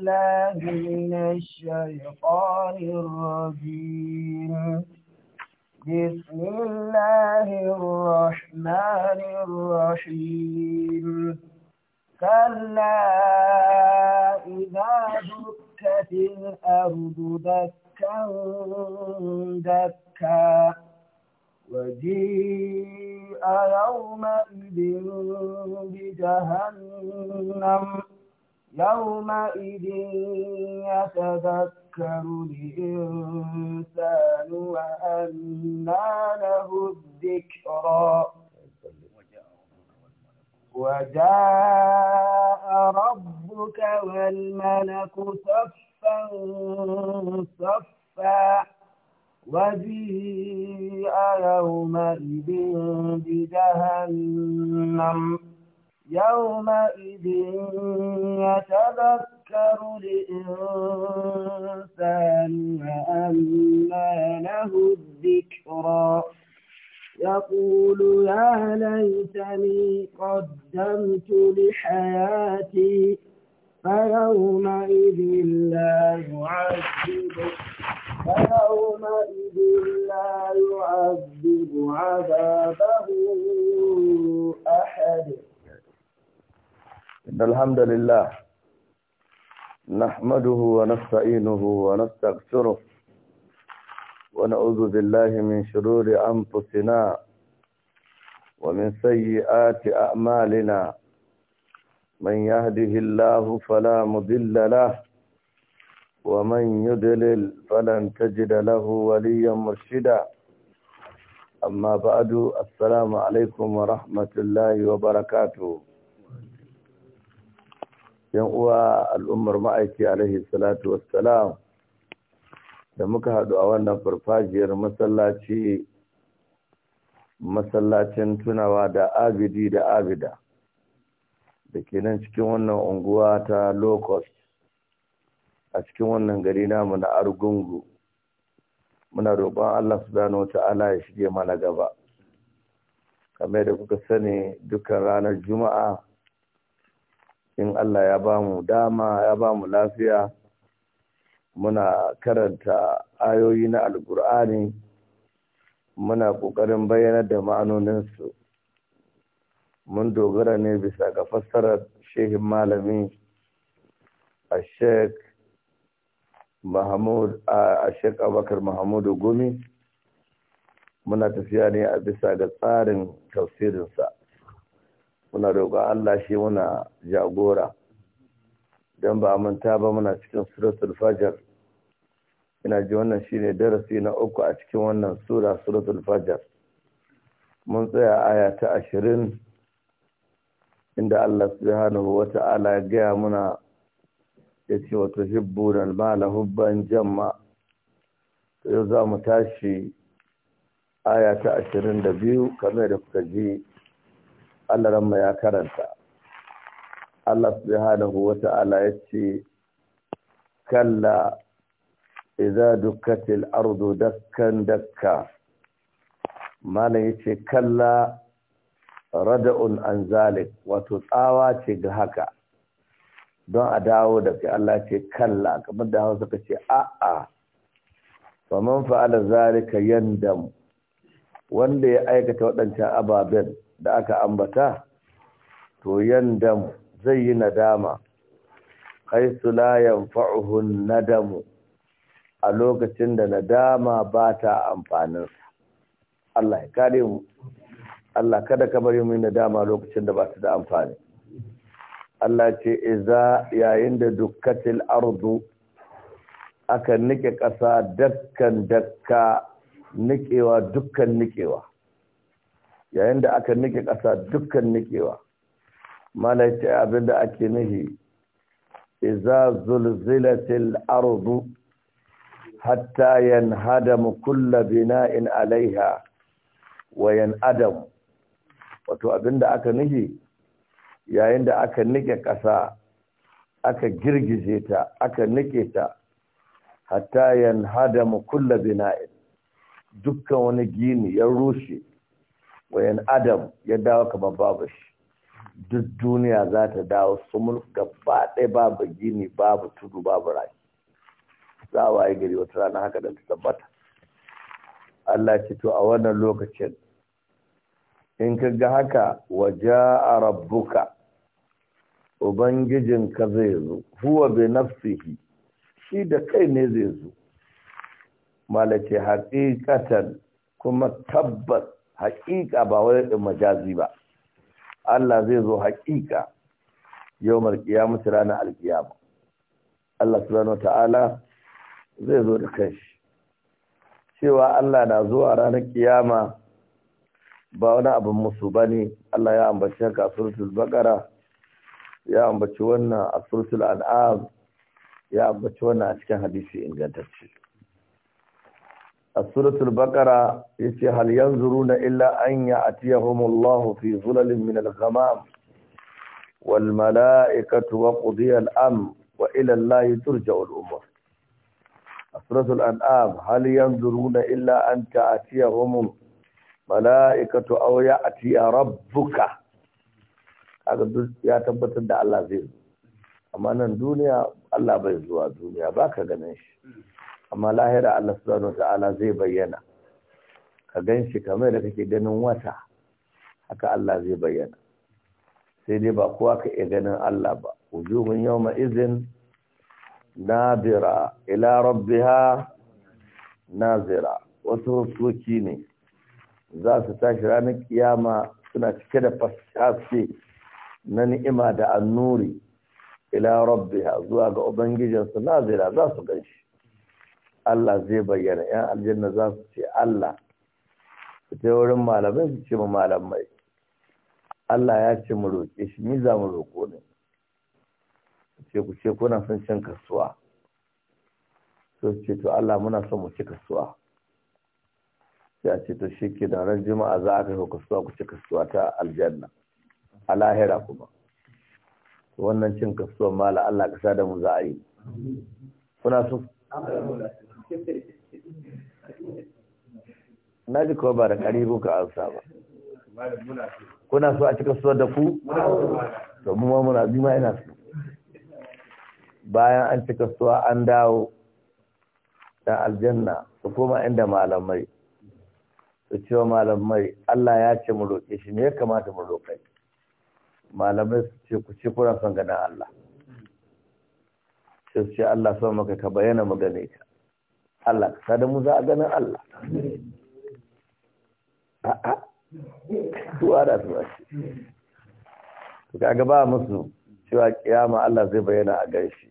بالله من الشيطان الرجيم بسم الله الرحمن الرحيم كلا إذا دكت الأرض دكا دكا وجيء يومئذ بجهنم يومئذ يتذكر الإنسان وأنى له الذكرى وجاء ربك والملك صفا صفا وجيء يومئذ بجهنم يومئذ يتذكر الإنسان وأنى له الذكرى يقول يا ليتني قدمت لحياتي فيومئذ لا يعذب فيومئذ لا يعذب عذابه أحد إن الحمد لله نحمده ونستعينه ونستغفره ونعوذ بالله من شرور أنفسنا ومن سيئات أعمالنا من يهده الله فلا مضل له ومن يدلل فلن تجد له وليا مرشدا أما بعد السلام عليكم ورحمة الله وبركاته yan uwa al'ummar ma'aiki alaihi salatu wassalam da muka haɗu a wannan farfajiyar masallaci masallacin tunawa da abidi da abida da ke nan cikin wannan unguwa ta locust a cikin wannan gari namu na argungu muna roƙon allah subhanahu ta'ala ya shige mana gaba kamar da kuka sani dukkan ranar juma'a in Allah ya ba mu dama ya ba mu lafiya muna karanta ayoyi na alkur'ani muna ƙoƙarin bayyanar da ma'anoninsu mun dogara ne bisa ga fassarar shehin malami a shek mahamud a abakar mahmudu gumi muna tafiya ne a bisa ga tsarin tafsirinsa muna roƙon Allah shi muna jagora don ba manta ba muna cikin suratul fajar ina ji wannan shine darasi na uku a cikin wannan sura suratul fajar mun tsaya aya ta ashirin inda Allah subhanahu wa ta'ala ya gaya muna ya ce wa tuhibbuna al-mala hubban jamma yau za mu tashi aya ta ashirin da biyu kamar da kuka ji Allah ranma ya karanta Allah subhanahu wa ta'ala ya ce kalla idza dukkatil ardu dakkan dakka malam ce kalla rada'un an zalik wato tsawa ce ga haka don a dawo da kai Allah ce kalla kamar da Hausa ka ce a'a man fa'ala zalika yandam wanda ya aikata waɗancan ababen da aka ambata to yandam zai yi nadama Kai su la yanfa'uhu nadamu a lokacin da nadama ba ta amfaninsa Allah ya kare mu Allah kada ka bari mu nadama lokacin da ba ta da amfani Allah ce iza yayin da dukkatil ardu aka nike ƙasa dakkan dakka nikewa dukkan nikewa yayin da aka nike ƙasa dukkan nikewa malaiti abin da ake nihi iza zulzilatil ardu hatta yanhadamu kullu bina'in alaiha wa yanadam wato abin da aka nihi yayin da aka nike ƙasa aka girgije ta aka nike ta hatta yanhadamu kulla bina'in dukkan wani gini ya rushe wayan adam ya dawo kamar babu shi duk duniya za ta dawo sumul gaba ɗaya babu gini babu tudu babu rai za a waye gari wata rana haka da ta tabbata Allah ce to a wannan lokacin in ka ga haka waje a rabbuka ubangijinka zai zo huwa bai nafsihi shi da kai ne zai zo malace haƙiƙatan kuma tabbas haƙiƙa ba wani ɗin majazi ba Allah zai zo haƙiƙa yau malƙiyamu ranar Alƙiyama, Allah subhanahu ta'ala zai zo da kanshi cewa Allah na zuwa ranar ƙiyama ba wani abin musu ba ne Allah ya ambaci haka suratul baƙara ya ambaci wannan a suratul ya ambaci wannan a cikin hadisi ingantacce a suratul bakara ya ce hal yanzuru illa an ya atiyahumullahu fi zulalin min al-ghamam wal mala'ikatu wa qudiya al-am wa ila allahi turja'u al-umur a suratul an'am hal yanzuru illa an ta'atiyahum mala'ikatu aw ya'tiya rabbuka kaga ya tabbatar da Allah zai zo amma nan duniya Allah bai zuwa duniya baka ganin shi amma lahira Allah subhanahu wata'ala zai bayyana ka gan shi kamar da kake ganin wata haka Allah zai bayyana sai dai ba kowa ka iya ganin Allah ba wujuhun yawma izin nadira ila rabbiha nazira wasu huskoki ne za su tashi ranar kiyama suna cike da fashafe na ni'ima da annuri ila rabbiha zuwa ga ubangijinsu nazira za su ganshi Allah zai bayyana ‘yan aljanna za su ce Allah su ce wurin malamai su ce malamai Allah ya ce mu roƙe shi ni za mu roƙo ne ce ku ce kuna son cin kasuwa su ce to Allah muna son mu ci kasuwa sai a ce to shi ke da ran juma'a za a kai kasuwa ku ci kasuwa ta aljanna a lahira kuma wannan cin kasuwa mala Allah ka sa da mu za a yi kuna so na ji kawai ba da ƙari ko ka ansa ba kuna so a cika suwar da ku to mu ma muna bi ma ina so bayan an cika suwa an dawo da aljanna su koma inda malamai su cewa malamai Allah ya ce mu roƙe shi ne ya kamata mu roƙe malamai su ce ku ce kuna son ganin Allah sai su ce Allah son maka ka bayyana mu gane ka Allah ka da mu za a ganin Allah a'a duwa da kaga ba musu cewa kiyama Allah zai bayyana a gaishe.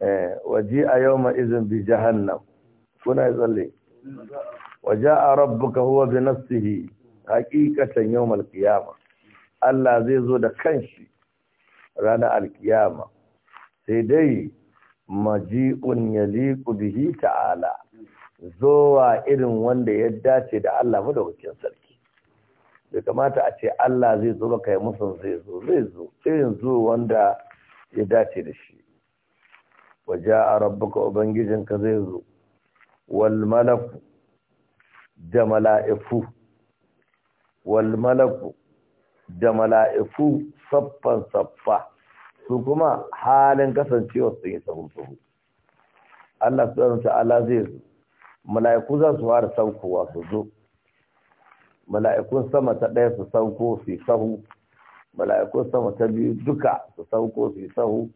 eh waji a ma izin bi jahannam kuna tsalle waja'a rabbuka huwa bi nafsihi hakikatan yau malkiyama Allah zai zo da kanshi ranar alkiyama sai dai maji'un yaliku bihi ta'ala zowa irin wanda ya dace da Allah da madaukakin sarki bai kamata a ce Allah zai zo baka yi musun zai zo zai zo irin zo wanda ya dace da shi waje a rabbuka ubangijinka zai zo wal malaku da mala'iku wal malaku da mala'iku saffan saffa su kuma halin kasancewa sun yi sahun sahun Allah su ta'ala zai zo mala'iku za su fara saukowa su zo mala'ikun sama ta ɗaya su sauko su sahu mala'ikun sama ta biyu duka su sauko su sahu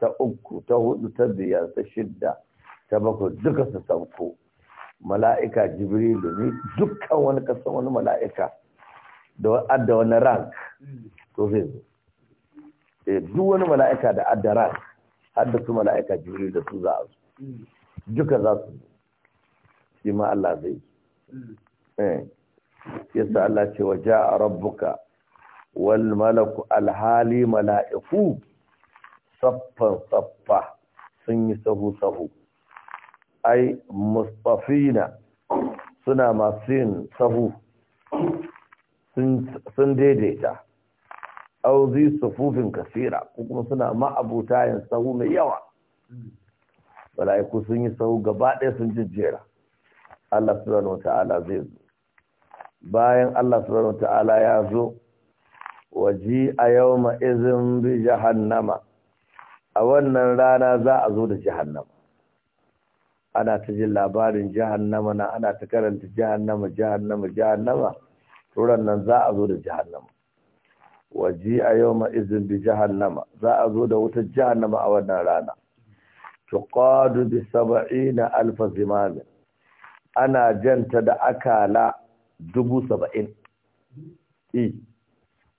ta uku ta hudu ta biyar ta shidda ta bakwai duka su sauko mala'ika jibrilu ne dukkan wani kasan wani mala'ika da adda wani rank to zai zo eh, duk wani mala'ika da adda rank hadda su mala'ika jibrilu da su za a hmm. duka za su zo shi ma Allah zai yi hmm. eh. yasa Allah ce wa a rabbuka wal malaku alhali mala'iku saffan saffa sun yi sahu sahu ai mustafina suna masu yin sahu sun daidaita auzi sufufin kasira ko kuma suna ma'abuta yin sahu mai yawa hmm. mala'iku sun yi sahu gaba ɗaya sun jijjera. Allah subhanahu ta'ala zai zo bayan Allah subhanahu ta'ala ya zo waji a yawma izin bi jahannama a wannan rana za a zo da jahannama ana ta jin labarin jahannama na ana ta karanta jahannama jahannama jahannama turan nan za a zo da jahannama waji a yawma izin bi jahannama za a zo da wutar jahannama a wannan rana tuqadu bi sab'ina alfa zimamin ana janta da akala dubu saba'in i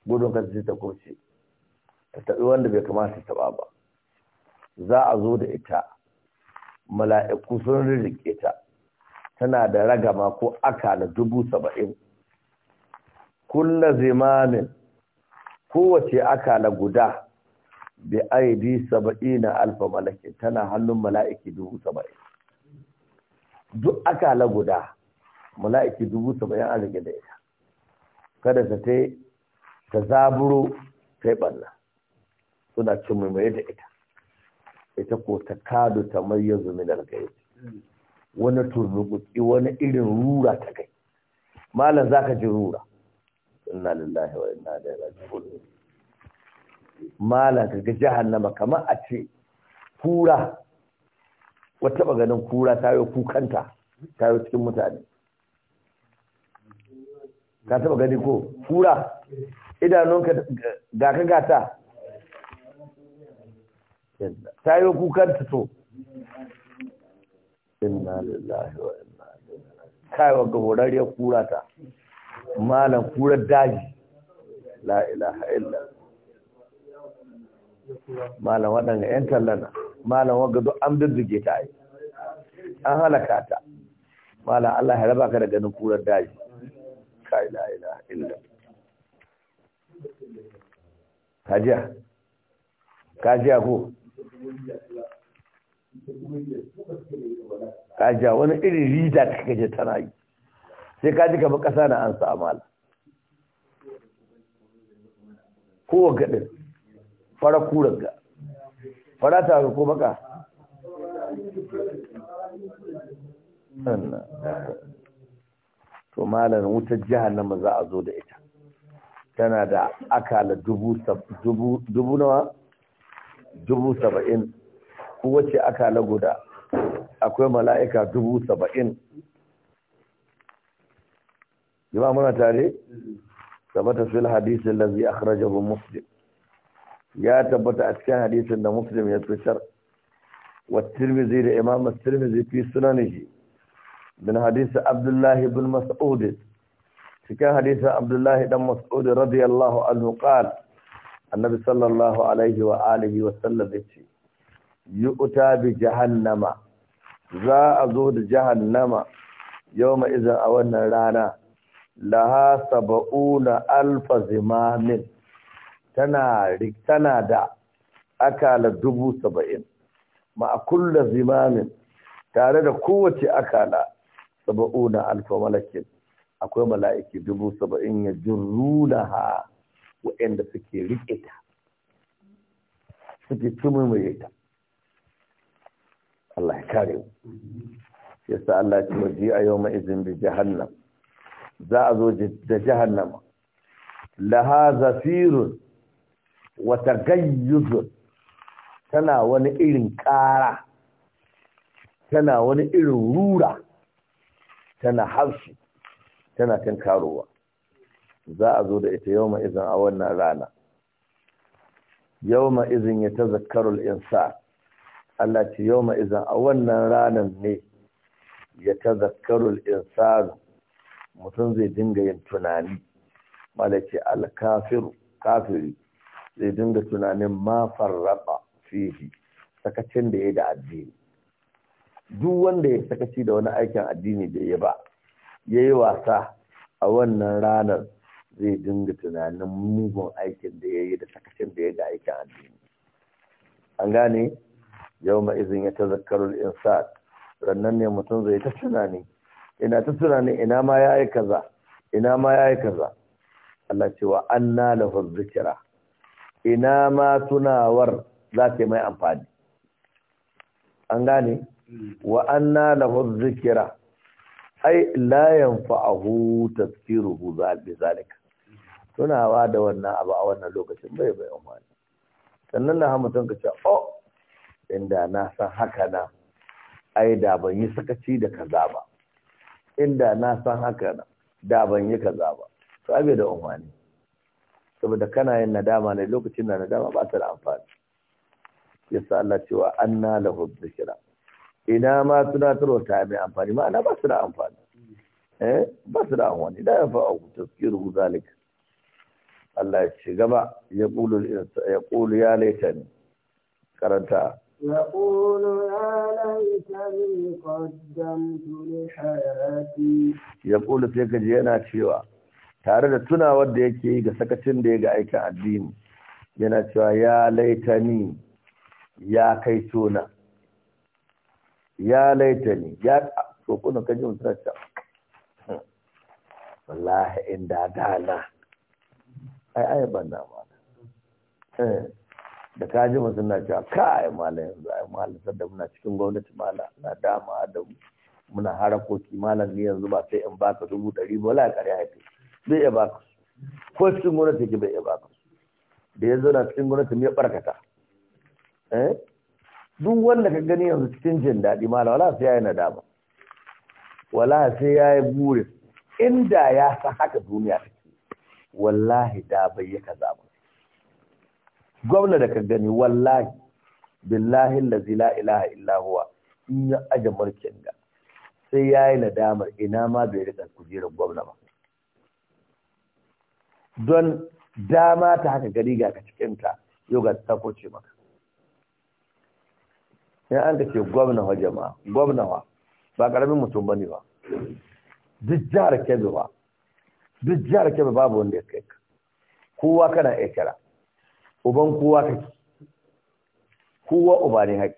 gudun kan ta kurce ta taɓi wanda bai kamata ta taɓa ba za a zo da ita mala'iku sun rirrike ta tana da ragama ko akala dubu saba'in kulla zimamin kowace akala guda bi aidi saba'ina alfa malakin tana hannun mala'iki dubu saba'in duk akala guda mala'iki dubu saba'in an rike da ita kada ta ta ta zaburo ta yi ɓanna suna cin maimaye da ita ita ko ta kado ta mayar zumi da alkairi wani turnukuti wani irin rura ta kai malam za ka ji rura inna lillahi wa inna yana raji'un malam ka ga jahannama kamar a ce kura wata taba ganin kura ta yi kukanta ta yi cikin mutane Ta taba gani ko kura idanunka ga ka gata ta yi kukanta to inna lillahi wa inna ilaihi kaiwa ga horarriyar kura ta malam kurar daji la ilaha illallah malam waɗanda 'yan tallana malam wanga duk an diddige ta yi an halaka ta malam Allah ya raba ka da ganin kurar daji ka ila ila illa kajiya kajiya ko kajiya wani irin rida ta kaje tana yi sai kaji kamar ƙasa na an sa malam kowa gaɗin fara kurarka fara ta ko baka to malar wutar ma za a zo da ita tana da akala dubu nawa dubu saba'in kowace akala guda akwai mala'ika dubu saba'in jima muna tare sabata fil hadisin lazi akhrajahu muslim ya tabbata a cikin hadisin da muslim ya fitar wa tirmizi da imam tirmizi fi sunanihi bin hadisi abdullahi bin mas'ud cikin hadisin abdullahi dan mas'ud radiyallahu anhu qala annabi sallallahu alaihi wa alihi wa sallam yace yu'ta bi jahannama za a zo da jahannama yawma idan a wannan rana laha saba'una alfa zimamin tana tana da akala dubu saba'in ma'a kulla zimamin tare da kowace akala saba'una alfa malakin akwai mala'iki dubu saba'in ya jirruna ha wa'anda suke riƙe ta suke tumurmure ta Allah ya kare mu yasa Allah ya waje a yau ma'izin da jahannam za a zo da jahannama laha zafirun wata gayyuzun tana wani irin ƙara tana wani irin rura tana haushi tana kan karowa za a zo da ita yau ma'izin a wannan rana yau ma'izin ya ta zakarul insa Allah ce yau ma'izin a wannan ranar ne ya ta zakarul insa mutum zai dinga yin tunani malaki alkafiru kafiri zai dinga tunanin ma farraba fihi sakacin da ya da addini duk wanda ya sakaci da wani aikin addini da ya ba ya yi wasa a wannan ranar zai dinga tunanin mugun aikin da ya yi da sakacin da ya da aikin addini an gane yau ma izin ya tazakkarul insan rannan ne mutum zai ta tunani ina ta tunani ina ma ya yi kaza ina ma ya yi kaza Allah cewa anna lahu zikira ina ma tunawar za ta mai amfani an gane wa anna lahu zikira ai la yanfa'ahu tafkiruhu bi zalika tunawa da wannan abu a wannan lokacin bai bai amfani sannan na hamu ka ce oh inda na san haka na ai da ban yi sakaci da kaza ba inda na san haka na da ban yi kaza ba to abe da amfani saboda kana yin nadama ne lokacin na nadama ba ta da amfani Ya sa Allah cewa anna lahu dhikra ina ma turo ta mai amfani ma'ana ba su da amfani eh ba su da amfani da ya fa'u tazkiru zalika Allah ya ce gaba ya qulu ya qulu ya laitani karanta يقول يا ليتني قدمت لحياتي يقول سيكجي yana cewa tare da tunawar da yake yi ga sakacin da ya ga aikin addini yana cewa ya laitani ya kai tona ya laitani ya tsokunan kaji mutum ta hmm, wallahi inda dana ai ai ban da ma eh, da kaji mutum na cewa kai mala yanzu ai mala sadda muna cikin gwamnati mala na dama da muna harakoki malam ni yanzu ba sai in baka dubu ɗari ba la ƙarya haifi zai iya baka ko cikin gwamnati yake bai iya baka da ya zauna cikin gwamnati ya barkata eh duk wanda ka gani yanzu cikin jin daɗi mala wala sai yayi nadama wala sai yayi buri inda ya san haka duniya take wallahi da bai yi kaza ba gwamna da ka gani wallahi billahi allazi la ilaha illa huwa in ya aje mulkin ga sai yayi nadamar ina ma bai rika kujerar gwamna ba don dama ta haka gari ga ka cikinta yau ga ta koce maka yan an ka ce gwamna wa jama'a gwamna wa ba karamin mutum bane ba duk jihar kebe ba duk jihar kebe babu wanda ya kai ka kowa kana iya kira uban kowa kake kowa uba ne haƙi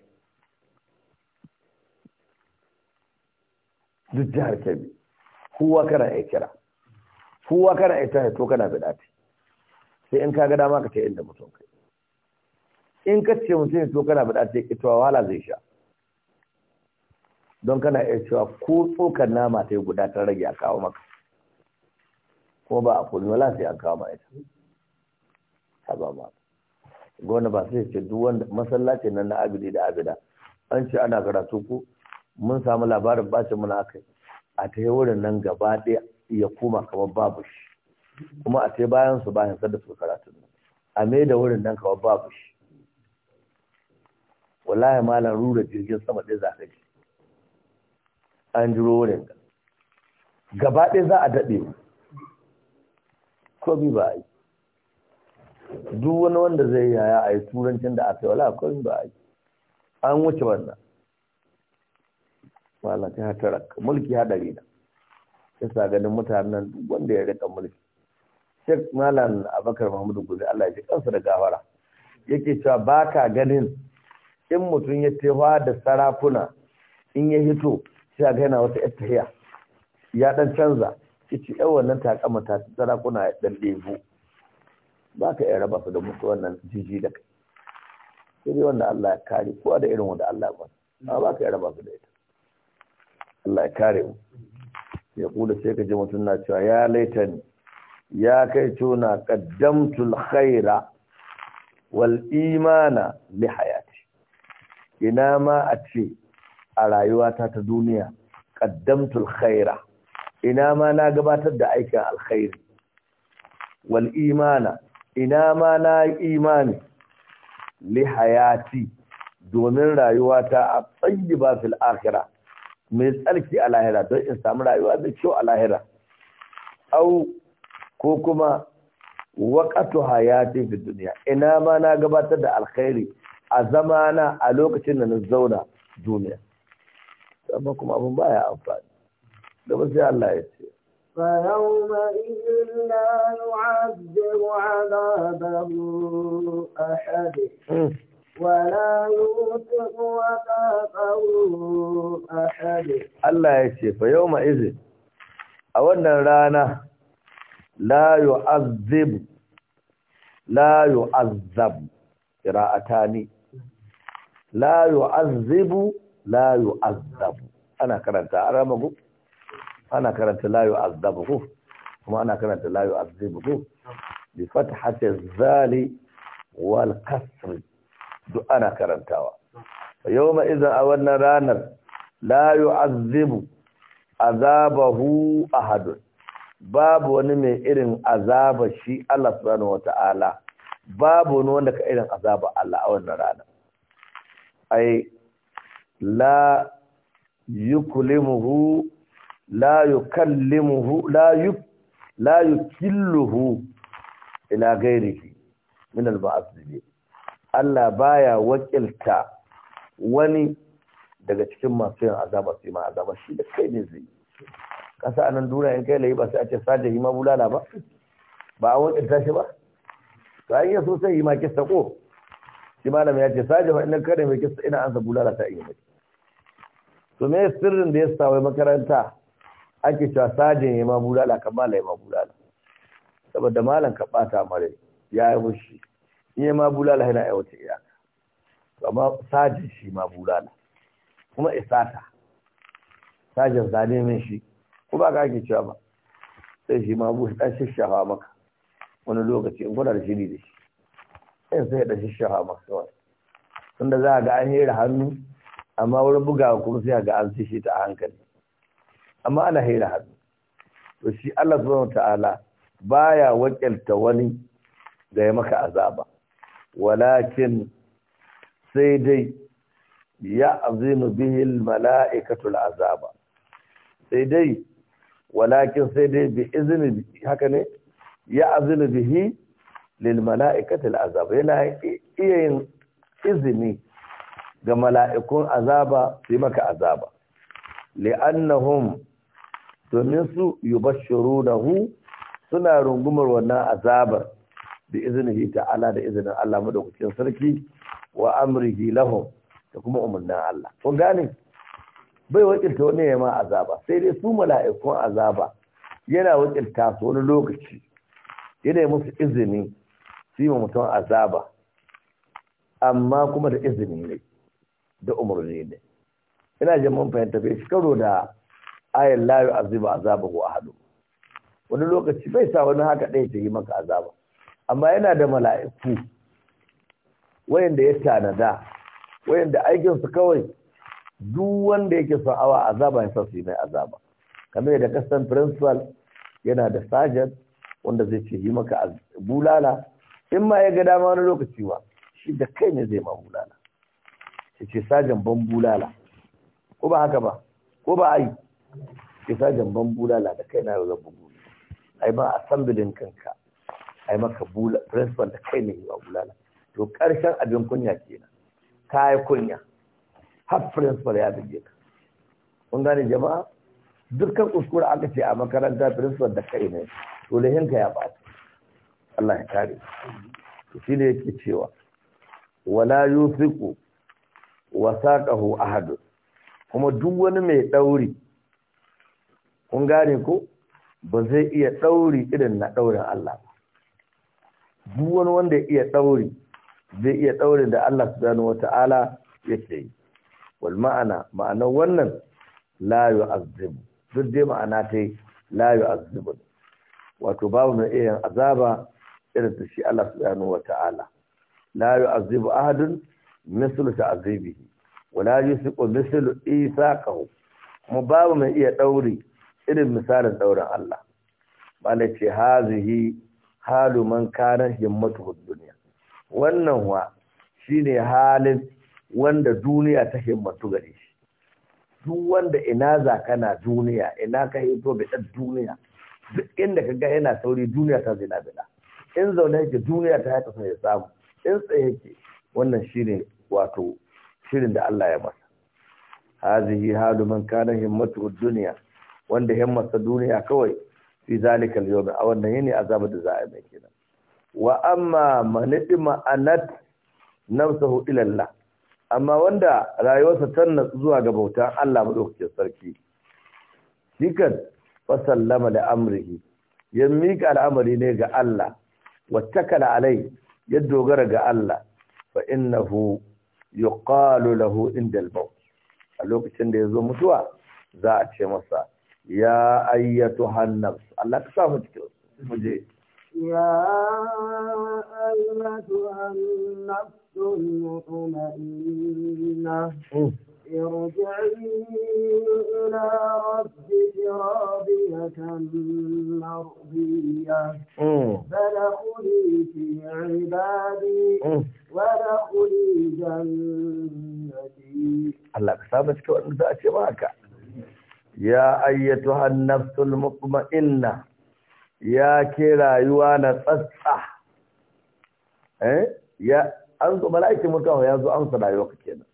duk jihar kebe kowa kana iya kira kowa kana ita to kana bid'a ce sai in ka ga dama ka ce inda mutum kai in ka ce mutum to kana bid'a ce ita wala zai sha don kana iya cewa ko tsokar nama ta yi guda ta rage a kawo maka kuma ba a kuni wala sai an kawo ma ita ta ba ma gona ba sai ce duk wanda masallacin nan na abidi da abida an ce ana karatu ku mun samu labarin bacin muna akai a ta yi wurin nan gaba ɗaya ya koma kamar babu shi kuma a ce bayan su bayan sadda su karatu a mai da wurin nan kamar babu shi wallahi malam rura jirgin sama ɗaya za ka ji an jiro wurin gaba ɗaya za a daɗe ko bi ba a yi duk wani wanda zai yi yaya a yi turancin da aka yi wala ko bi ba a yi an wuce wannan malam ta hatarar mulki haɗari na kisa ganin mutanen duk wanda ya rika mulki Sheikh Malam Abakar Mahmudu Guzi Allah ya ji kansa da gawara yake cewa ka ganin in mutum ya tewa da sarafuna in ya hito sai ga yana wata ittahiya ya dan canza kici yan wannan takama ta sarakuna ya dan Ba ka iya raba su da mutu wannan jiji da kai sai dai wanda Allah ya kare kowa da irin wanda Allah ya ba ba ka iya raba su da ita Allah ya kare mu ya kula sai ka ji mutum na cewa ya laitani ya kai tuna kaddamtul khaira wal imana li hayati ina ma a ce a rayuwata ta duniya kaddamtul khaira ina ma na gabatar da aikin alkhairi wal imana ina ma na imani li hayati domin rayuwata a tsayi ba fil akhirah mai tsarki a lahira don in samu rayuwa mai kyau a lahira au ko kuma waƙatu hayati fi duniya ina ma na gabatar da alkhairi a zamana a lokacin da na zauna duniya amma kuma abin baya amfani da ba sai Allah ya ce فيومئذ لا يعذب عذابه أحد Allah ya ce fayo ma izin. A wannan rana, layu'azibu, layu'azab. Yara a ta ni, layu'azibu, layu'azab. Ana karanta arama ku, ana karanta layu'azabu ku, kuma ana karanta layu'azibu ku. Ifat hafe zali, wal kasiri. duk ana karantawa yau ma izin a wannan ranar la yu'azzibu azabahu ahadun babu wani mai irin azaba shi Allah subhanahu wata'ala babu wani wanda ka irin azaba Allah a wannan ranar. ai la yuklimuhu la yukallimuhu la yuk la yukilluhu ila ghairihi min al-ba'dhi Allah baya wakilta wani daga cikin masu yin azaba su yi ma azaba shi da kai ne zai kasa anan duniya in kai layi ba sai a ce sajan yi ma bulala ba ba a wakilta tashi ba to an yi so sai yi ma kista ko shi malam ya ce sajan ba ina kada mai kista ina ansa bulala ta iya mai to me sirrin da ya sa wai makaranta ake cewa sajan yi ma bulala kamala yi ma bulala saboda malam ka bata mare ya yi mushi iya ma bulala yana aiwata iyaka amma sajin shi ma bulala kuma isata sajin zane min shi ko ba ka ake cewa ba sai shi ma bulala. dan shishafa maka wani lokaci in kuna da shiri da shi sai sai ɗan shishafa maka kawai tunda za ga an hera hannu amma wurin bugawa kuma sai ga an shi ta a hankali amma ana hera hannu to shi Allah subhanahu wataala baya wakilta wani da ya maka azaba walakin sai dai ya azinu bihil mala'ikatul azaba sai dai walakin sai dai bi izini haka ne ya azinu bihi lil mala'ikatul azaba yana iya yin izini ga mala'ikun azaba su maka azaba li'annahum domin su yubashshirunahu suna rungumar wannan azabar bi ta ta'ala da izinin Allah madaukakin sarki wa amrihi lahum da kuma umarnin Allah kun gane bai wakilta wani ya ma azaba sai dai su mala'ikun azaba yana wakilta su wani lokaci yana musu izini su yi mutum azaba amma kuma da izini ne da umarni ne ina jin mun fahimta bai karo da ayin layu azaba azaba ko ahadu wani lokaci bai sa wani haka ɗaya ta yi maka azaba amma yana da mala'iku wayanda ya tanada wayanda aikin su kawai duk wanda yake son awa azaba ya sasu mai azaba kamar yadda kasan principal yana da sergeant wanda zai ce yi maka bulala in ma ya ga dama wani lokaci ba shi da kai ne zai ma bulala ya ce sergeant ban bulala ko ba haka ba ko ba ai ke sergeant ban bulala da kai na yau zan bugu ai ba assemblin kanka a yi maka bula principal da kai ne ba bulala to karshen abin kunya kenan ka yi kunya har principal ya bige ka kun gane jama'a dukkan kuskure aka ce a makaranta principal da kai ne to lehinka ya bata Allah ya kare shi ne yake cewa wala yusiku wasaqahu ahad kuma duk wani mai dauri kun gane ko ba zai iya dauri irin na daurin Allah ba duk wani wanda ya iya ɗauri zai iya ɗauri da Allah subhanahu wata'ala yake yi wal ma'ana ma'anar wannan la yu'azzibu duk dai ma'ana ta la yu'azzibu wato babu mai iya azaba irin ta shi Allah subhanahu wata'ala la yu'azzibu ahadun mislu ta'azibihi wala yusiqu mislu isaqahu kuma babu mai iya ɗauri irin misalin ɗaurin Allah. Malace hazihi halu man kana himmatu duniya wannan wa shine halin wanda duniya ta himmatu gare shi duk wanda ina za kana duniya ina ka hito da duniya duk inda ka ga yana sauri duniya ta zina bila in zaune yake duniya ta yi sai samu in tsaye yake wannan shine wato shirin da Allah ya masa hazihi halu man kana himmatu duniya wanda himmatu duniya kawai fi zalikal yawm a wannan yini azaba da za a mai kenan wa amma man idma anat nafsuhu ila Allah amma wanda rayuwarsa tana zuwa ga bautan Allah madaukakin sarki shi kan sallama da amrihi ya mika al'amari ne ga Allah wa takala alai ya dogara ga Allah fa innahu yuqalu lahu inda al-maut a lokacin da yazo mutuwa za a ce masa ya ayyatu hannafs Allah ka sa mu cikin mu ya ayyatu hannafs mutmainna Allah ka sa mu cikin ba haka. ya ayyatu an-nafsul mutma'inna ya ke rayuwa na tsatsa eh? an zo mala'ikin mutuwa ya zo an sa rayuwa ka kenan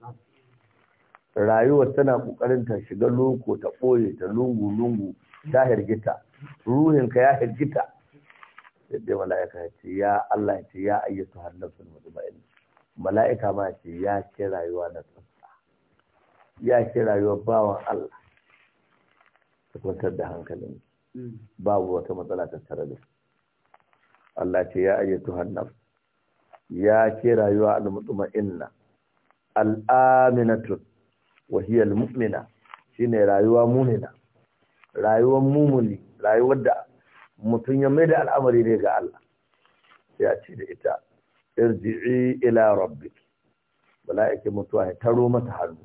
rayuwar tana ƙoƙarin ta shiga loko ta ɓoye ta lungu lungu ta hirgita ruhin ka ya hirgita yadda mala'ika ya ce ya Allah ya ce ya ayyatu hannasul mutma'in mala'ika ma ya ce ya ke rayuwa na tsatsa ya ke rayuwa bawan Allah ka kwantar da hankalin hmm. babu wata matsala tattare da Allah ce ya ayyatu tuhannaf ya ce rayuwa al mutuma inna al’aminatun wahiyar mu'mina shi ne shine rayuwa munina rayuwar mumuni rayuwar da mutum ya mai da al'amari ne ga Allah ya ce da ita irji'i ila rabbi mala'iki mutuwa ya taro mata hannu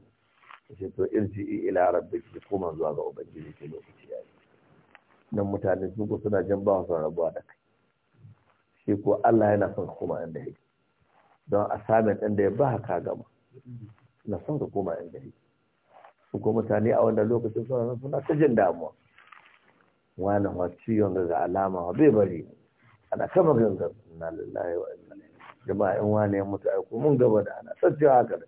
ce to irji ila rabbiki ki koma zuwa ga ubangiji ke lokaci yi nan mutane sun ko suna jan ba su rabuwa da kai shi ko Allah yana son ka koma inda yake don assignment din da ya ba ka gama na son ka koma inda yake su ko mutane a wannan lokacin suna suna ta jin damuwa wani wa ciwon ga alama wa bai bari ana kama gangan na lillahi wa inna jama'a in wani ya mutu aiko mun gaba da ana tsacewa haka da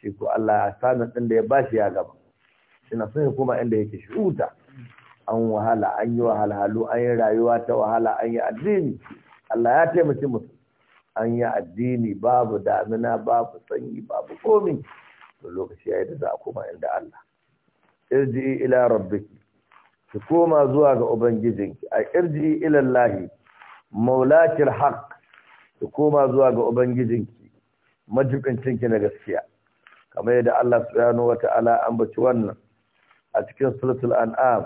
shi ko Allah ya sami ɗin da ya bashi ya gaba ina son ya koma inda yake shuta an wahala an yi wahalhalu an yi rayuwa ta wahala an yi addini Allah ya taimaki mutum an yi addini babu damina babu sanyi babu komi to lokaci yi da za a koma inda Allah irji ila rabbiki ki koma zuwa ga ubangijinki a irji ila Allah maulakil haqq ki koma zuwa ga ubangijinki majibincinki na gaskiya kamar yadda Allah subhanahu an ambaci wannan a cikin suratul an'am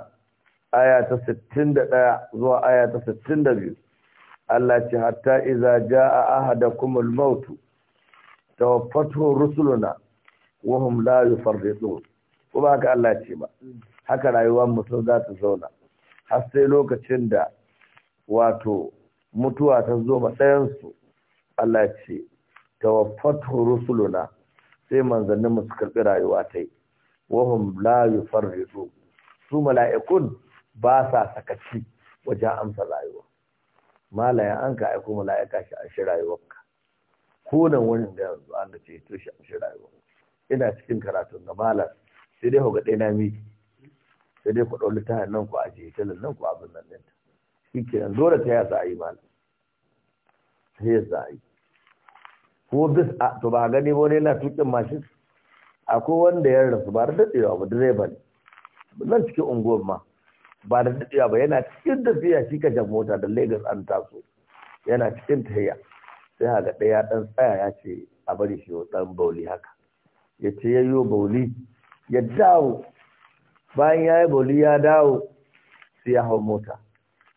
aya ta 61 zuwa aya ta 62 Allah ce hatta idza jaa al maut tawaffathu rusuluna wa hum la yufarridun kuma haka Allah ce ba haka rayuwar mutum za ta zauna har sai lokacin da wato mutuwa ta zo matsayansu Allah ce tawaffatu rusuluna sai manzannin musu su karbi rayuwa ta yi wahum la yufarridu su mala'ikun ba sa sakaci wajen amsa rayuwa malayan an ka aiko mala'ika shi a shi rayuwarka kunan wani da yanzu an da ce to shi a shi rayuwa ina cikin karatun da malar sai dai ga ɗaya na miki sai dai ku ɗau littafin nan ku ajiye ta nan ku abin nan ɗinta shi kenan dole ta yasa a yi malar ta yasa a yi ko bis a to ba gani ba na tukin mashin akwai wanda ya rasu ba da daɗewa ba direba ne nan cikin unguwar ma ba da daɗewa ba yana cikin tafiya shi ka jan mota da lagos an taso yana cikin tahiya sai haka ɗaya ɗan tsaya ya ce a bari shi ɗan bauli haka ya ce ya yi bauli ya dawo bayan ya yi bauli ya dawo sai ya hau mota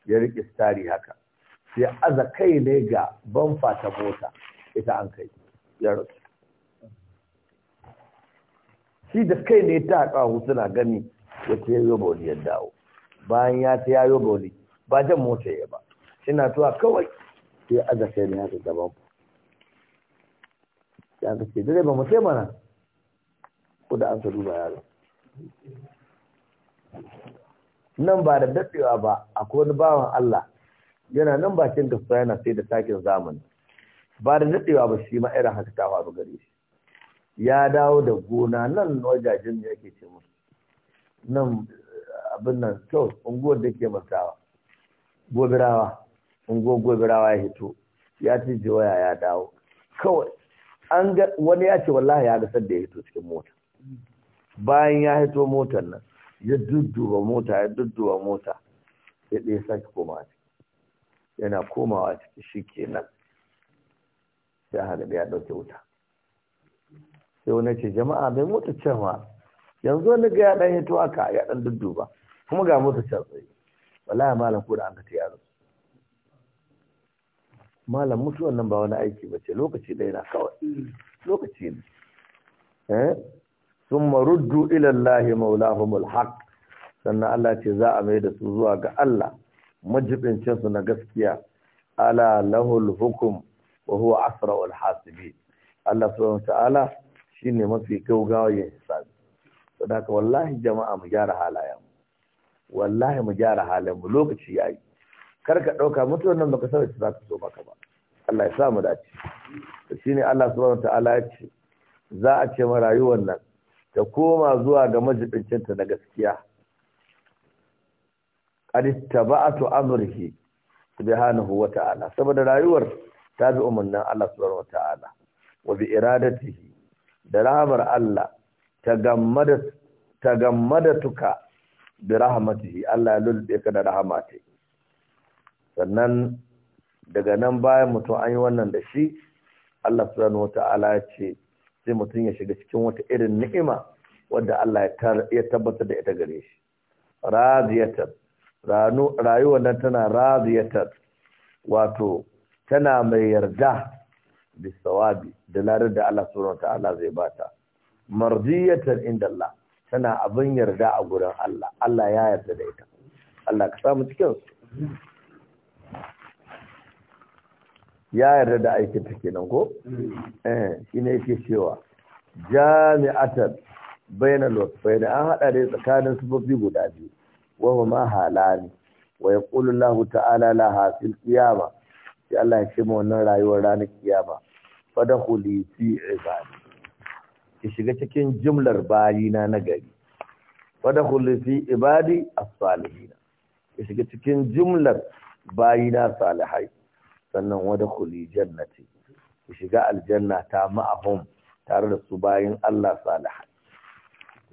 ya riƙe stari haka sai aza kai ne ga bamfa ta mota ita an kai ya rasu shi da kai ne ta haƙa suna gani ya ta yayo bauli ya dawo bayan ya ta yayo bauli ba jan mota ya ba ina tuwa kawai sai aza kai ne haka gaban ya ka ce ba mu sai mana ko da an ka duba yaro nan ba da daɗewa ba akwai wani bawan Allah yana nan bakin gaskiya yana sai da takin zamani ba da daɗewa ba shi ma irin haka ta faru gare shi ya dawo da gona nan wajajen da yake ce musu nan abin nan kyau unguwar da ke masawa gobirawa unguwar gobirawa ya hito ya ci jiwaya ya dawo kawai an ga wani ya ce wallahi ya gasar da ya hito cikin mota bayan ya hito motar nan ya dudduba mota ya dudduba mota Ya ɗaya sake komawa ciki yana komawa ciki shi kenan sai a haɗa ya ɗauke wuta sai wani ce jama'a mai mota cewa yanzu wani ga ya ɗan hito aka ya ɗan dudduba kuma ga mota can wala ya malam ko da an ka ta yaro malam mutuwan nan ba wani aiki ba ce lokaci ɗaya na kawai lokaci ne eh? sun maruddu ilallahi maulahumul haq sannan Allah ce za a mai da su zuwa ga Allah majibincinsu su na gaskiya ala lahul hukum wa huwa wal hasibi Allah subhanahu ta'ala shine mafi gaugawa ya hisabi saboda wallahi jama'a mu gyara halayen wallahi mu gyara halayen mu lokaci yayi kar ka dauka mutuwar nan baka sanar za ta zo maka ba Allah ya sa mu dace to shine Allah subhanahu ta'ala ya ce za a ce ma rayuwar nan ta koma zuwa ga ta na gaskiya qad taba'atu amrihi subhanahu wa ta'ala saboda rayuwar ta bi umarnin Allah subhanahu wata'ala wa bi iradatihi da rahamar Allah ta da tuka bi rahmatihi Allah ya lulbe ka da rahama sannan daga nan bayan mutum an yi wannan da shi Allah subhanahu wata'ala ya ce sai mutum ya shiga cikin wata irin ni'ima wadda Allah ya tabbatar da ita gare shi rayuwa rayuwar nan tana raziyatar wato tana mai yarda da sawabi da ladar da Allah subhanahu ta'ala zai bata mardiyatan inda Allah tana abin yarda a gurin Allah Allah ya yarda da ita Allah ka samu cikin su ya yarda da aikin take kenan ko eh shi ne yake cewa jami'atan bainal da an hada da tsakanin sufofi guda biyu wa ma halani wa yaqulu Allah ta'ala la hasil qiyamah sai Allah ya ce mu wannan rayuwar ranar kiyama fadkhuli fi ibadi ki shiga cikin jumlar bayina na gari fadkhuli fi ibadi as-salihin ki shiga cikin jumlar bayina salihai sannan wadkhuli jannati ki shiga aljanna ta ma'ahum tare da su bayin Allah salihai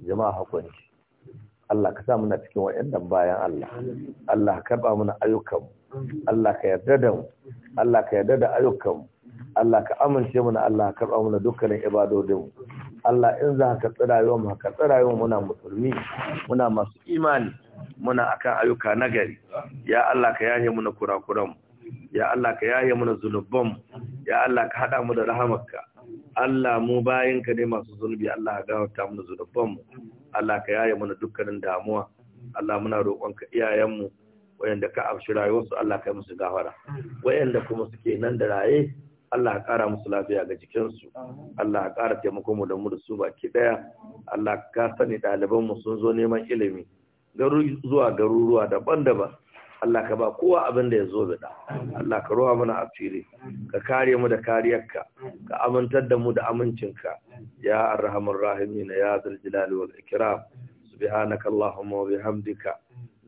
jama'a hakuri Allah ka sa muna cikin waɗannan bayan Allah Allah ka karɓa muna ayyukanmu Allah ka yarda da mu Allah ka yarda da ayyukan mu Allah ka amince mu na Allah ka karɓa mu na dukkanin ibadodin mu Allah in za ka tsira yau mu ka tsira yau muna musulmi muna masu imani muna akan ayyuka nagari ya Allah ka yaye mu na kurakuran mu ya Allah ka yaye mu na zunuban mu ya Allah ka hada mu da rahamarka Allah mu bayinka ne masu zunubi Allah ka gafarta mu zunuban mu Allah ka yaye mu na dukkanin damuwa Allah muna roƙonka iyayen mu wayanda ka amshi rayuwarsu Allah kai musu gafara wayanda kuma suke nan da raye Allah ya kara musu lafiya ga jikinsu, Allah ya kara taimakon mu da mu da su baki ɗaya, Allah ka sani ɗalibanmu sun zo neman ilimi, garu zuwa garuruwa daban-daban, Allah ka ba kowa abin da ya zo da Allah ka roha mana asiri, ka kare mu da kariyarka, ka amintar da mu da amincinka, ya arhamur rahimina ya zaljalali wal ikram, subhanaka Allahumma wa bihamdika.